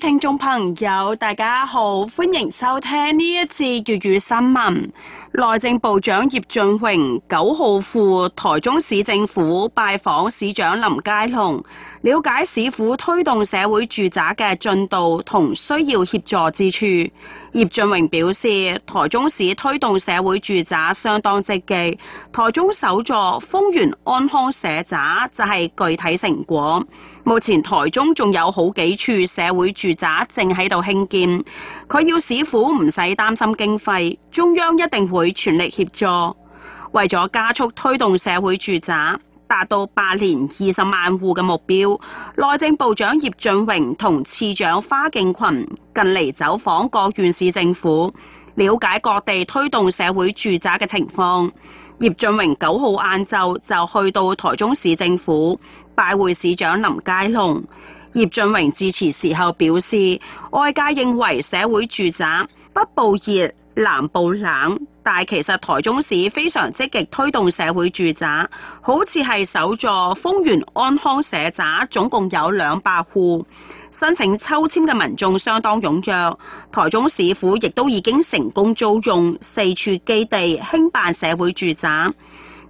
聽眾朋友，大家好，歡迎收聽呢一次粵語新聞。內政部長葉俊榮九號赴台中市政府拜訪市長林佳龍，了解市府推動社會住宅嘅進度同需要協助之處。葉俊榮表示，台中市推動社會住宅相當積極，台中首座豐原安康社宅就係具體成果。目前台中仲有好幾處社會住宅正喺度興建，佢要市府唔使擔心經費，中央一定會。會全力協助，為咗加速推動社會住宅達到八年二十萬戶嘅目標，內政部長葉俊榮同次長花敬群近嚟走訪各縣市政府，了解各地推動社會住宅嘅情況。葉俊榮九號晏晝就去到台中市政府拜會市長林佳龍。葉俊榮致辭時候表示，外界認為社會住宅不報熱。南部冷，但係其實台中市非常積極推動社會住宅，好似係首座豐原安康社宅，總共有兩百戶申請抽籤嘅民眾相當踴躍，台中市府亦都已經成功租用四處基地興辦社會住宅，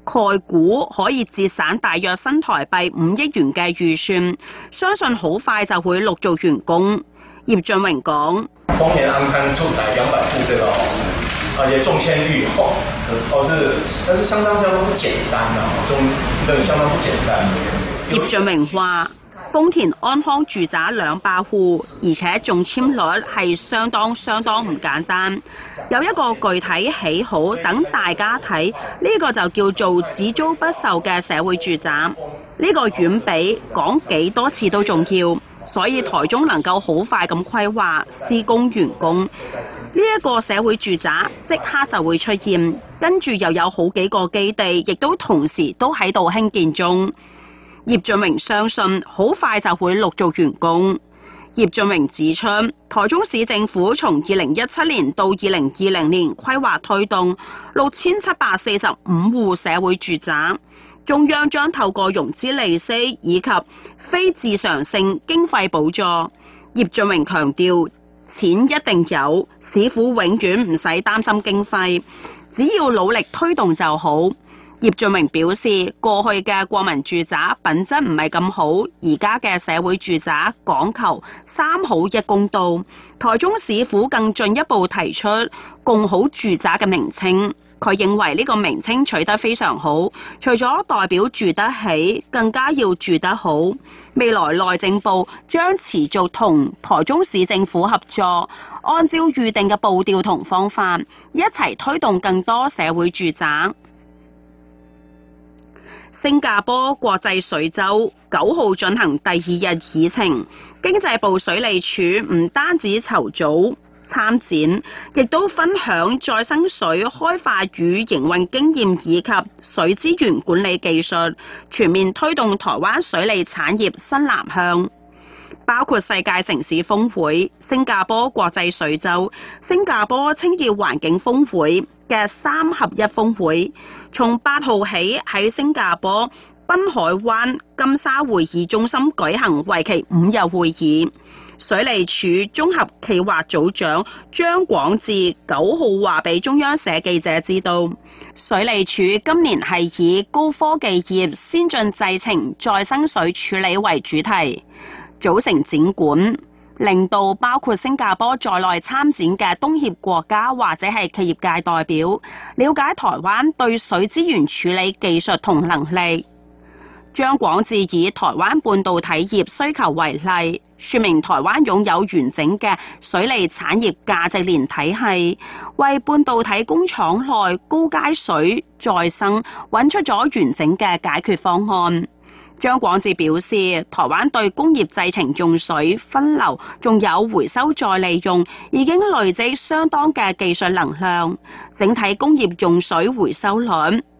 概估可以節省大約新台幣五億元嘅預算，相信好快就會陸續完工。葉俊榮講：豐田安康住宅兩百戶，這個而且中簽率哦是，但是相當相當唔簡單啊，相當唔簡單。葉俊榮話：豐田安康住宅兩百戶，而且中簽率係相當相當唔簡單，有一個具體喜好等大家睇，呢、這個就叫做只租不售嘅社會住宅，呢、這個遠比講幾多次都重要。所以台中能夠好快咁規劃施工完工，呢一個社會住宅即刻就會出現，跟住又有好幾個基地，亦都同時都喺度興建中。葉俊榮相信好快就會陸續完工。葉俊榮指出，台中市政府從二零一七年到二零二零年規劃推動六千七百四十五戶社會住宅，中央將透過融資利息以及非自常性經費補助。葉俊榮強調，錢一定有，市府永遠唔使擔心經費，只要努力推動就好。葉俊榮表示，過去嘅國民住宅品質唔係咁好，而家嘅社會住宅講求三好一公道。台中市府更進一步提出共好住宅嘅名稱，佢認為呢個名稱取得非常好，除咗代表住得起，更加要住得好。未來內政部將持續同台中市政府合作，按照預定嘅步調同方法，一齊推動更多社會住宅。新加坡國際水周九號進行第二日議程，經濟部水利署唔單止籌組參展，亦都分享再生水開發與營運經驗以及水資源管理技術，全面推動台灣水利產業新南向，包括世界城市峰會、新加坡國際水周、新加坡清潔環境峰會嘅三合一峰會，從八號起喺新加坡濱海灣金沙會議中心舉行，為期五日會議。水利署綜合企劃組長張廣志九號話俾中央社記者知道，水利署今年係以高科技業先進製程、再生水處理為主題組成展館。令到包括新加坡在內參展嘅東協國家或者係企業界代表，了解台灣對水資源處理技術同能力。張廣智以台灣半導體業需求為例，說明台灣擁有完整嘅水利產業價值鏈體系，為半導體工廠內高階水再生揾出咗完整嘅解決方案。張廣志表示，台灣對工業製程用水分流，仲有回收再利用，已經累積相當嘅技術能量。整體工業用水回收率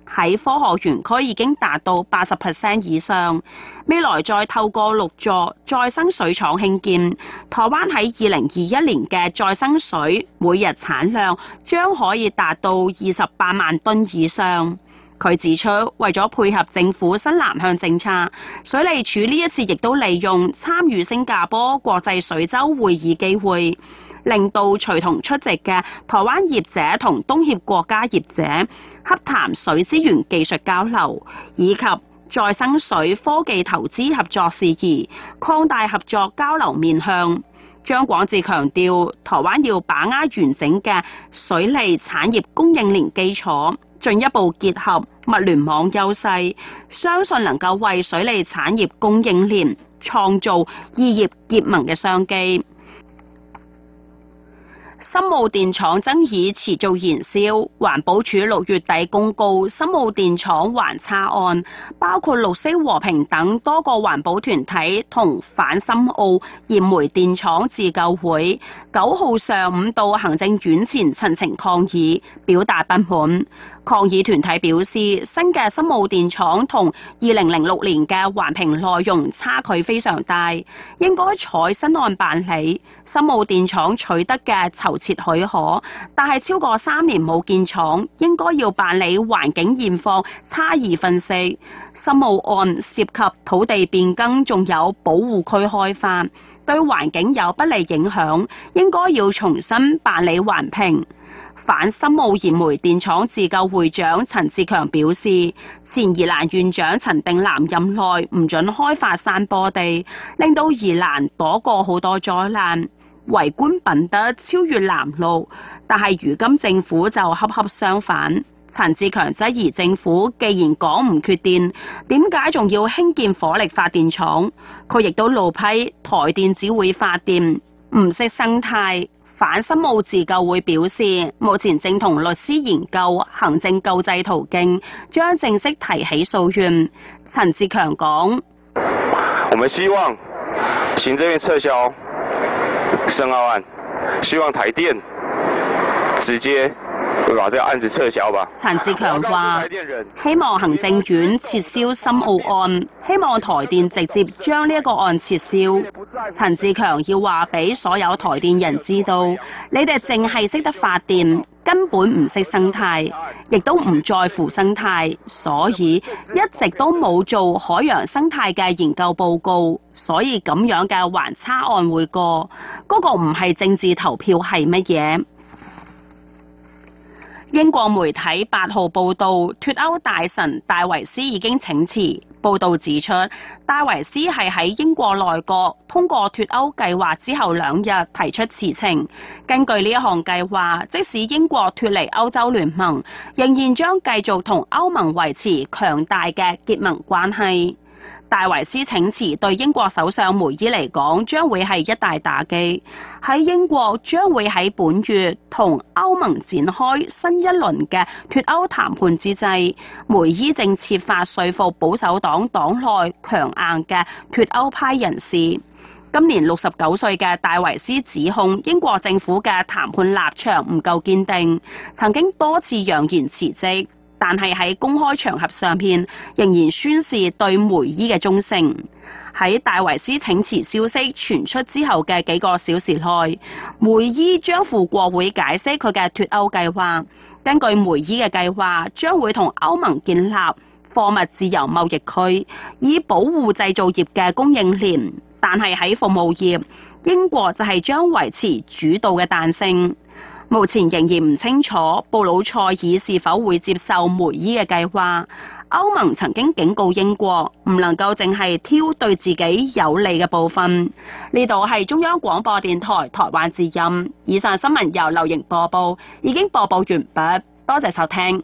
喺科學園區已經達到八十 percent 以上。未來再透過六座再生水廠興建，台灣喺二零二一年嘅再生水每日產量將可以達到二十八萬噸以上。佢指出，為咗配合政府新南向政策，水利署呢一次亦都利用參與新加坡國際水周會議機會，令到隨同出席嘅台灣業者同東協國家業者洽談水資源技術交流以及再生水科技投資合作事宜，擴大合作交流面向。張廣智強調，台灣要把握完整嘅水利產業供應鏈基礎。進一步結合物聯網優勢，相信能夠為水利產業供應鏈創造異業結盟嘅商機。深澳電廠爭議持續燃燒，環保署六月底公告深澳電廠環差案，包括綠色和平等多個環保團體同反深澳燃煤電廠自救會，九號上午到行政院前陳情抗議，表達不滿。抗議團體表示，新嘅深澳電廠同二零零六年嘅環評內容差距非常大，應該採新案辦理。深澳電廠取得嘅。求切許可，但係超過三年冇建廠，應該要辦理環境現況差異分析。深澳案涉及土地變更，仲有保護區開發，對環境有不利影響，應該要重新辦理環評。反深澳燃煤電廠自救會長陳志強表示：，前宜蘭縣長陳定南任內唔准開發山坡地，令到宜蘭躲過好多災難。為官品德超越藍綠，但係如今政府就恰恰相反。陳志強質疑政府既然講唔缺電，點解仲要興建火力發電廠？佢亦都怒批台電只會發電，唔識生態。反深澳自救會表示，目前正同律師研究行政救濟途徑，將正式提起訴願。陳志強講：，我們希望行政院撤銷。深澳案，希望台電直接把呢個案子撤銷吧。陳志強話，希望行政院撤銷深澳案，希望台電直接將呢一個案撤銷。陳志強要話俾所有台電人知道，你哋淨係識得發電。根本唔識生態，亦都唔在乎生態，所以一直都冇做海洋生態嘅研究報告，所以咁樣嘅環差案會過嗰個唔係政治投票係乜嘢？英國媒體八號報道，脫歐大臣戴維斯已經請辭。報道指出，戴維斯係喺英國內閣通過脫歐計劃之後兩日提出辭呈。根據呢一項計劃，即使英國脫離歐洲聯盟，仍然將繼續同歐盟維持強大嘅結盟關係。戴維斯請辭對英國首相梅伊嚟講將會係一大打擊。喺英國將會喺本月同歐盟展開新一輪嘅脱歐談判之際，梅伊正設法說服保守黨黨內強硬嘅脱歐派人士。今年六十九歲嘅戴維斯指控英國政府嘅談判立場唔夠堅定，曾經多次揚言辭職。但係喺公開場合上面，仍然宣示對梅伊嘅忠誠。喺戴維斯請辭消息傳出之後嘅幾個小時內，梅伊將赴國會解釋佢嘅脱歐計劃。根據梅伊嘅計劃，將會同歐盟建立貨物自由貿易區，以保護製造業嘅供應鏈。但係喺服務業，英國就係將維持主導嘅彈性。目前仍然唔清楚布魯塞爾是否會接受梅伊嘅計劃。歐盟曾經警告英國唔能夠淨係挑對自己有利嘅部分。呢度係中央廣播電台台灣之音，以上新聞由劉瑩播報，已經播報完畢，多謝收聽。